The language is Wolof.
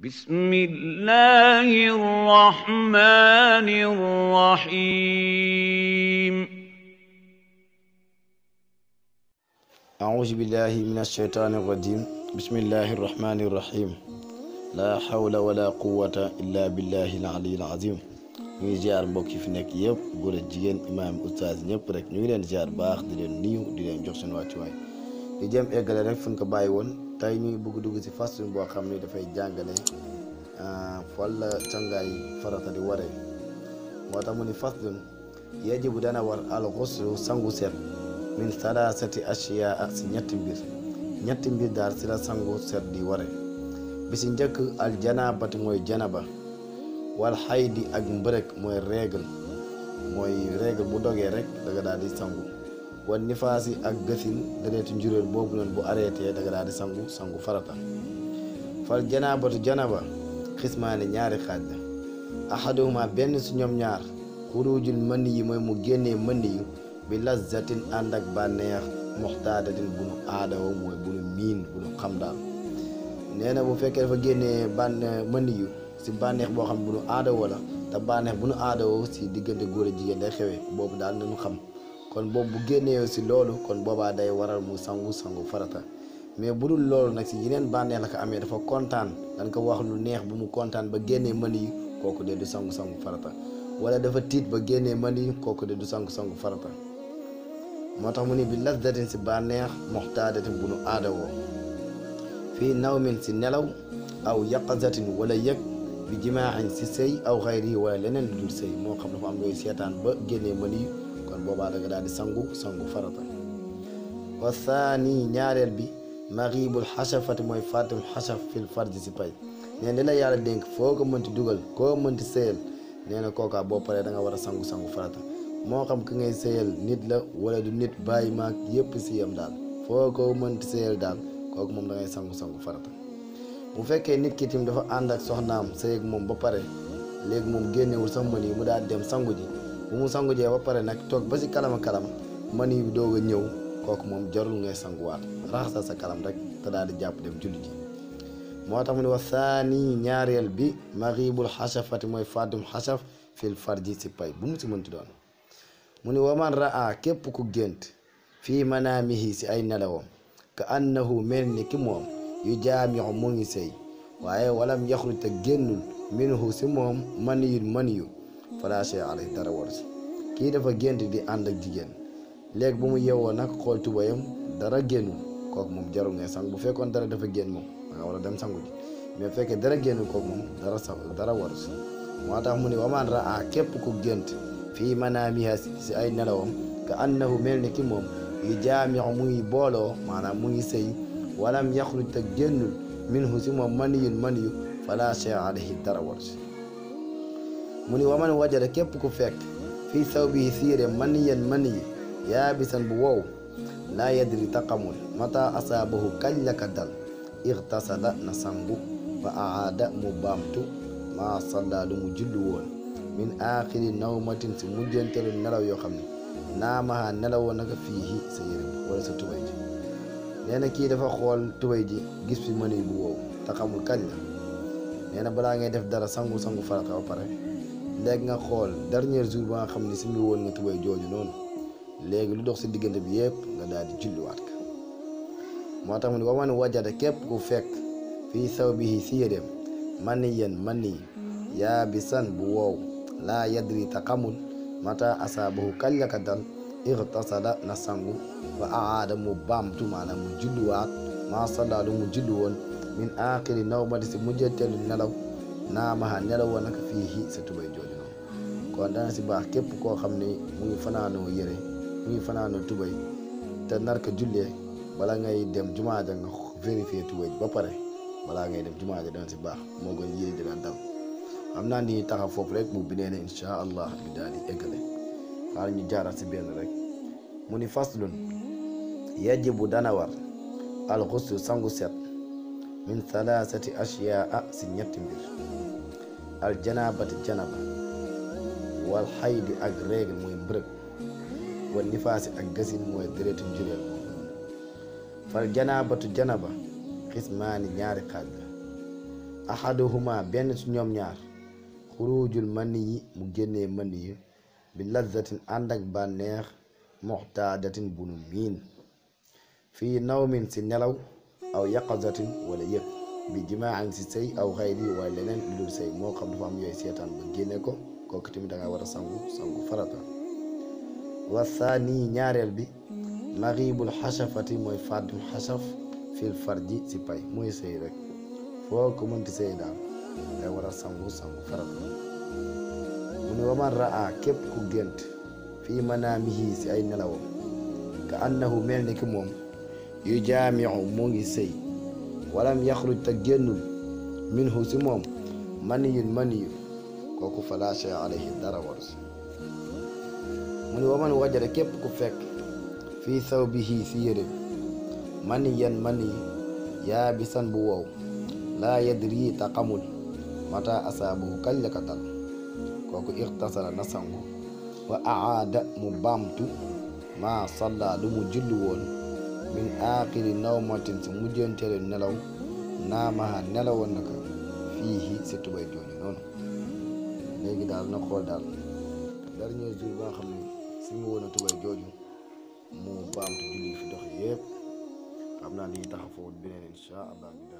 بسم الله الرحمن الرحيم أعوذ بالله من الشيطان الرجيم بسم الله الرحمن الرحيم لا حول ولا قوة إلا بالله العلي العظيم fi nekk yëpp góor ak jigéen imaam oustaz ñëpp rek ñu ngi leen ziar baax di leen niiw di jox seen wàccuwaay di jëm eggale rek fu ñu ko bàyyi woon tey ñu ngi bëgg dugg ci façon boo xam ni dafay jàngale mm-hmm. ah, fan la cangaay farata di waree moo tax mu ni faslun bu dana war alxuslu sangu set min salaasati asiya ak si ñetti mbir ñetti mbir daal si la sangu set di ware bi si njëkk aljanabati mooy janaba wal xaydi ak mbërëg mooy règle mooy règle bu dogee rek daga daal di sangu wan yi ak gëfin dereetu njuréel boobu noonu bu arrêté da nga daal di sangu sangu farata fal janaabatu janaba xismaane ñaari xaaj la ahaduma benn si ñoom ñaar xurujul mën yi mooy mu génnee mën yi bi lazzatin ànd ak bànneex muxtaadatin bu nu aadawo mooy bu nu miin bu nu xam daal nee na bu fekkee dafa génnee bànn mën yu si bànneex boo xam bu nu aadawo la te bànneex bu nu aadawo si diggante góor a jigéen lay xewee boobu daal nañu xam kon boobu bu génnee si loolu kon boobaa day waral mu sangu sangu farata mais bu dul loolu nag si yeneen bànneex la ko amee dafa kontaan dañ ko wax lu neex bu mu kontaan ba génnee mali yi kooku de du sangu sangu farata wala dafa tiit ba génnee mën kooku de du sangu sangu farata moo tax mu ni bi lasdatin si bànneex moxtaadatin bu nu aadawoo fii nawmin ci nelaw aw yaqazatin wala yëg bi jimaaxin si sëy aw xayri wala leneen lu dul sëy moo xam dafa am yooyu seetaan ba génnee mali kon boobaa danga daal di sangu sangu farata wa thani ñaareel bi maxibul xasafati mooy fatim xasaf fil farji si pay neen di la yàlla dénk foo ko mënti dugal koo mënti sëyal nee na kookaa boo paree da war a sangu-sangu farata moo xam ki ngay sëyal nit la wala du nit bàyyi maag yépp si yam daal foo ko mënti sëyal daal kooku moom da ngay sangu-sangu farata bu fekkee nit ki dafa ànd ak soxnaam sëy ak moom ba pare léegi moom génnewul sax mën yi mu daal dem sangu ji bu mu sangu jee ba pare nag toog ba si kanam a kanam man yi doog a ñëw kooku moom jarul ngay sanguwaat raxasal sa kalam rek te daal di jàpp dem julli ji moo tax mu ne wa saani ñaareel bi maxibul xasafati mooy fàddum xasaf fil farji si pay bu mu si mënti doon mu ne waman képp ku gént fii manaamihi si ay nelawam ka annahu ni ki moom yu jaamixu mu ngi sëy waaye walam yaxruj te génnul minhu si moom maniyun falaasee alay dara war si kii dafa gént di ànd ak jigéen léegi bu mu yeewoo nag xool tubayam dara génnul kook moom jarul ngay sang bu fekkoon dara dafa génn moom dem sangu ji mais fekkee dara génn kooku moom dara sa moo tax mu ne wamaan raa képp ku gént fii manaamiha si ay nelawam ka annahu mel ni ki moom yu jaamixu mu booloo maanaam mu ngi sëy walam yaxruj te génnul minhu si moom man maniyu fala chey alayhi dara war si mu ni waman wajada képp ku fekk fii saw bi siire man yen man yi yaabisan bu wow laa yadri taqamul mata asaabahu kañ la ka dal irtasala na sangu ba aada mu baamtu maa salla lu jullu woon min aaxiri nawmatin si mujjanteelu nelaw yoo xam ne naamaha nelawoon naka fii sa yére wala sa tubay ji nee na kii dafa xool tubay ji gis fi mënuy bu wow te xamul kañ nee na balaa ngay def dara sangu sangu farata ba pare léegi nga xool dernier jour ba nga xam ne simmi woon nga tubay jooju noonu léegi lu dox si diggante bi yëpp nga daal di julliwaat ka moo tax mu ne waman wajada képp ku fekk fii saw bi si yéreem man ni yéen man ni yaa bi san bu wow laa yadri ta xamul mata asaabahu kañ la ka dal irtasala na sangu ba aada mu baamtu maanaam mu julliwaat maa salla lu mu julli woon min aaxiri nawmati si mujjanteelu nelaw naamaha nelawoo naka fii hi sa tubay jooju noonu mm-hmm. kon dana si baax képp koo xam ne muy fanaanoo mu muy fanaanoo tubay te nar ko jullee bala ngay dem jumaaja nga vérifier tubay ba pare balaa ngay dem jumaaja dana si baax moo gën yëre dina dam xam naa ni taxaw foofu rek mu binee ne incha daal di eggale xaar si benn rek mu ni faslun mm-hmm. yajibu bu war alxusu sangu set min thalathati ashyaa ak règle mooy janaabatu janaba xismaani ñaari xaaj la ahaduhuma benn ci ñoom ñaar xurujul mani yi mu génnee mani yi bi lazzatin ànd ak bànneex muxtaadatin bunu miin fii nawmin ci nelaw aw yaqazatin wala yëg bi jimaaxan si sey aw xayri wala leneen lu dul sëy moo xam dafa am yooyu seetaan ba génne ko kooku tamit da ngaa war a sangu sangu farata wasaani ñaareel bi laxiibul xasafati mooy fàttul xasaf fil farji si pay mooy sey rek foo ko mënti sëy daal day war sangu sangu farata mu ne waman raa képp ku gént fii manaamihi si ay nelawam ka annahu moom yu jaamiu moo ngi sëy walam yaxruj te génnul minhu si moom maniyu kooku fa laa shay dara waru mu ni waman wajare képp ku fekk fii sawbihi bi yére maniyan maniy yaa bisan bu wow laa yadri te xamul mata asaabu kañ la kooku ixtasala na wa aada mu baamtu maa salla lu mu julli woon min aaxiri nawmatin sa mujjanteelu nelaw naamaha nelawoon na ko fii sa tubay jooju noonu léegi daal na xool daal dernier jour ba nga xam ne si mu woon a tubay jooju mu baamtu julli fi dox yëpp xam naa ni tax foofu beneen incha allah.